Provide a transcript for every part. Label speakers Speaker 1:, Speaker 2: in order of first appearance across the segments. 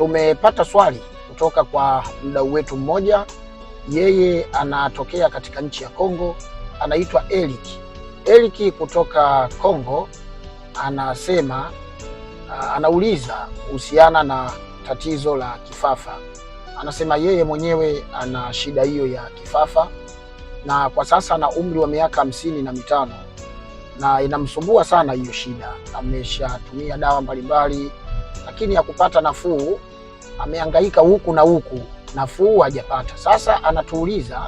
Speaker 1: Tumepata swali kutoka kwa mdau wetu mmoja, yeye anatokea katika nchi ya Kongo, anaitwa Eric. Eric kutoka Kongo anasema uh, anauliza kuhusiana na tatizo la kifafa. Anasema yeye mwenyewe ana shida hiyo ya kifafa na kwa sasa ana umri wa miaka hamsini na mitano na inamsumbua sana hiyo shida. Ameshatumia dawa mbalimbali, lakini ya kupata nafuu amehangaika huku na huku, nafuu hajapata. Sasa anatuuliza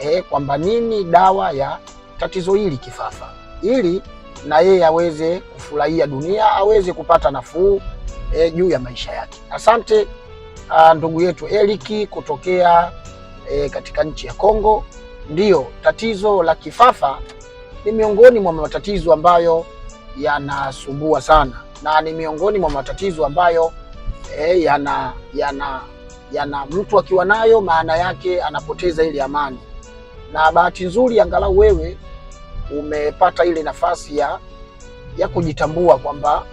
Speaker 1: eh, kwamba nini dawa ya tatizo hili kifafa, ili na yeye aweze kufurahia dunia, aweze kupata nafuu eh, juu ya maisha yake. Asante uh, ndugu yetu Eliki kutokea eh, katika nchi ya Kongo. Ndiyo, tatizo la kifafa ni miongoni mwa matatizo ambayo yanasumbua sana na ni miongoni mwa matatizo ambayo eh, yana yana yana mtu akiwa nayo maana yake anapoteza ile amani, na bahati nzuri angalau wewe umepata ile nafasi ya ya kujitambua kwamba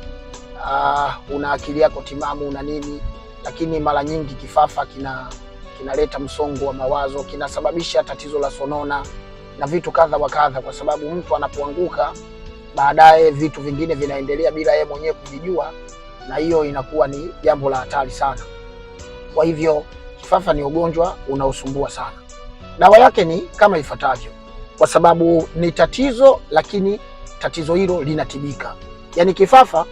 Speaker 1: uh, una akili yako timamu una nini, lakini mara nyingi kifafa kina kinaleta msongo wa mawazo, kinasababisha tatizo la sonona na vitu kadha wa kadha, kwa sababu mtu anapoanguka baadaye vitu vingine vinaendelea bila yeye mwenyewe kuvijua na hiyo inakuwa ni jambo la hatari sana. Kwa hivyo kifafa ni ugonjwa unaosumbua sana. Dawa yake ni kama ifuatavyo, kwa sababu ni tatizo, lakini tatizo hilo linatibika. Yaani kifafa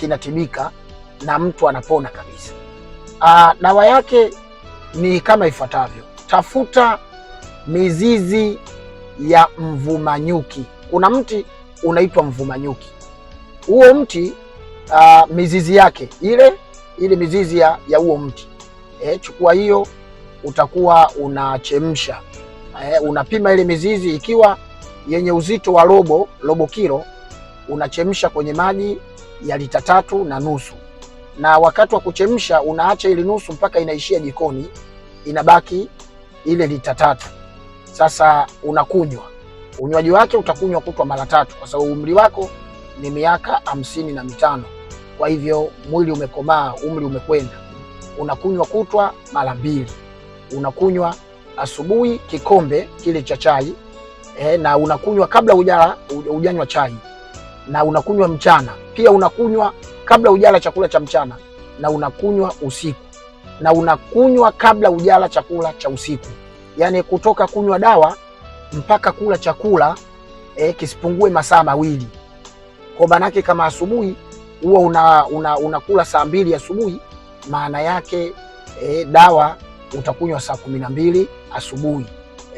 Speaker 1: kinatibika na mtu anapona kabisa. Aa, ah, dawa yake ni kama ifuatavyo, tafuta mizizi ya mvumanyuki. Kuna mti unaitwa mvumanyuki, huo mti uh, mizizi yake ile ile mizizi ya huo mti eh, chukua hiyo, utakuwa unachemsha eh, unapima ile mizizi ikiwa yenye uzito wa robo robo kilo, unachemsha kwenye maji ya lita tatu na nusu, na wakati wa kuchemsha unaacha ile nusu mpaka inaishia jikoni, inabaki ile lita tatu. Sasa unakunywa unywaji wake utakunywa kutwa mara tatu, kwa sababu umri wako ni miaka hamsini na mitano. Kwa hivyo mwili umekomaa, umri umekwenda. Unakunywa kutwa mara mbili, unakunywa asubuhi kikombe kile cha chai eh, na unakunywa kabla ujala ujanywa chai, na unakunywa mchana pia, unakunywa kabla ujala chakula cha mchana, na unakunywa usiku, na unakunywa kabla ujala chakula cha usiku. Yaani kutoka kunywa dawa mpaka kula chakula eh, kisipungue masaa mawili. Kwa maanake kama asubuhi huwa unakula una, una saa mbili asubuhi, maana yake e, dawa utakunywa saa kumi na mbili asubuhi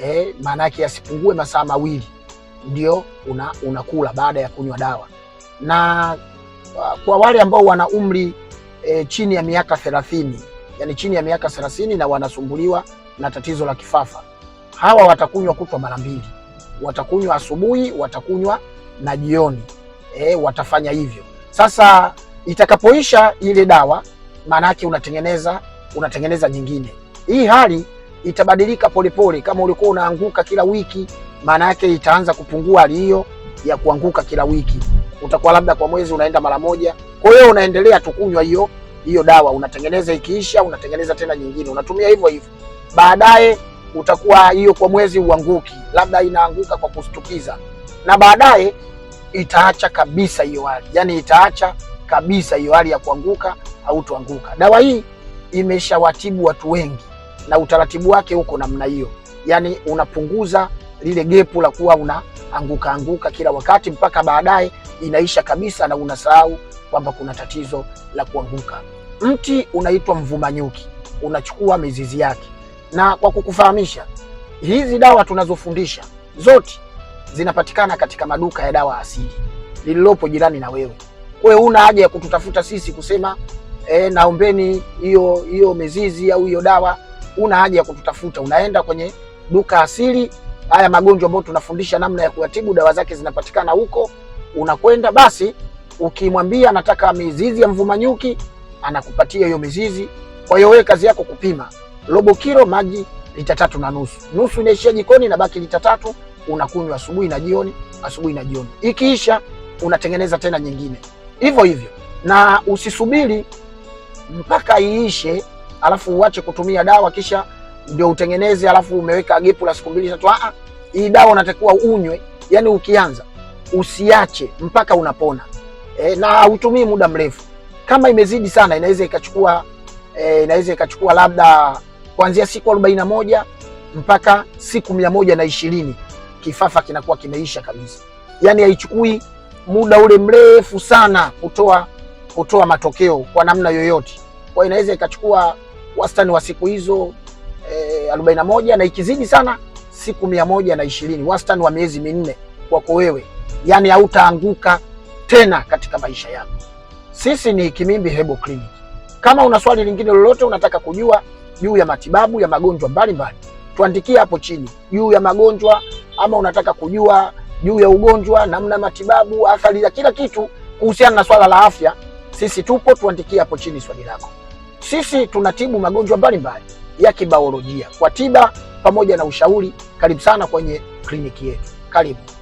Speaker 1: e, maana yake yasipungue masaa mawili ndio una, unakula baada ya kunywa dawa. Na uh, kwa wale ambao wana umri e, chini ya miaka thelathini, yani chini ya miaka thelathini na wanasumbuliwa na tatizo la kifafa, hawa watakunywa kutwa mara mbili, watakunywa asubuhi, watakunywa na jioni e, watafanya hivyo. Sasa itakapoisha ile dawa, maana yake unatengeneza unatengeneza nyingine. Hii hali itabadilika polepole. Kama ulikuwa unaanguka kila wiki, maana yake itaanza kupungua hali hiyo ya kuanguka kila wiki, utakuwa labda kwa mwezi unaenda mara moja. Kwa hiyo unaendelea tu kunywa hiyo hiyo dawa, unatengeneza ikiisha, unatengeneza tena nyingine, unatumia hivyo hivyo. Baadaye utakuwa hiyo kwa mwezi uanguki, labda inaanguka kwa kustukiza, na baadaye itaacha kabisa hiyo hali, yani itaacha kabisa hiyo hali ya kuanguka au tuanguka. Dawa hii imeshawatibu watu wengi na utaratibu wake huko namna hiyo, yani unapunguza lile gepu la kuwa unaanguka anguka kila wakati mpaka baadaye inaisha kabisa na unasahau kwamba kuna tatizo la kuanguka. Mti unaitwa mvumanyuki, unachukua mizizi yake, na kwa kukufahamisha hizi dawa tunazofundisha zote zinapatikana katika maduka ya dawa asili lililopo jirani na wewe. Wewe una haja ya kututafuta sisi kusema e, naombeni hiyo hiyo mizizi au hiyo dawa. una haja ya kututafuta, unaenda kwenye duka asili. Haya magonjwa ambayo tunafundisha namna ya kuyatibu, dawa zake zinapatikana huko. Unakwenda basi, ukimwambia nataka mizizi ya mvumanyuki anakupatia hiyo mizizi. Kwa hiyo wewe kazi yako kupima robo kilo, maji lita tatu na nusu, nusu inaishia jikoni na baki lita tatu unakunywa asubuhi na jioni, asubuhi na jioni. Ikiisha unatengeneza tena nyingine hivyo hivyo, na usisubiri mpaka iishe alafu uache kutumia dawa kisha ndio utengeneze, alafu umeweka gepu la siku mbili tatu. Ah, ah, hii dawa unatakiwa unywe, yani ukianza usiache mpaka unapona e, na utumii muda mrefu. Kama imezidi sana inaweza ikachukua e, inaweza ikachukua labda kuanzia siku arobaini na moja mpaka siku mia moja na ishirini kifafa kinakuwa kimeisha kabisa. Yaani haichukui muda ule mrefu sana kutoa kutoa matokeo kwa namna yoyote, kwa inaweza ikachukua wastani wa siku hizo e, eh, 41 na ikizidi sana siku mia moja na ishirini, wastani wa miezi minne kwako wewe, yaani hautaanguka tena katika maisha yako. Sisi ni Kimimbi Herbal Clinic. Kama una swali lingine lolote unataka kujua juu ya matibabu ya magonjwa mbalimbali tuandikie hapo chini juu ya magonjwa ama unataka kujua juu ya ugonjwa, namna matibabu, athari za kila kitu kuhusiana na swala la afya. Sisi tupo, tuandikie hapo chini swali lako. Sisi tunatibu magonjwa mbalimbali ya kibaolojia kwa tiba pamoja na ushauri. Karibu sana kwenye kliniki yetu, karibu.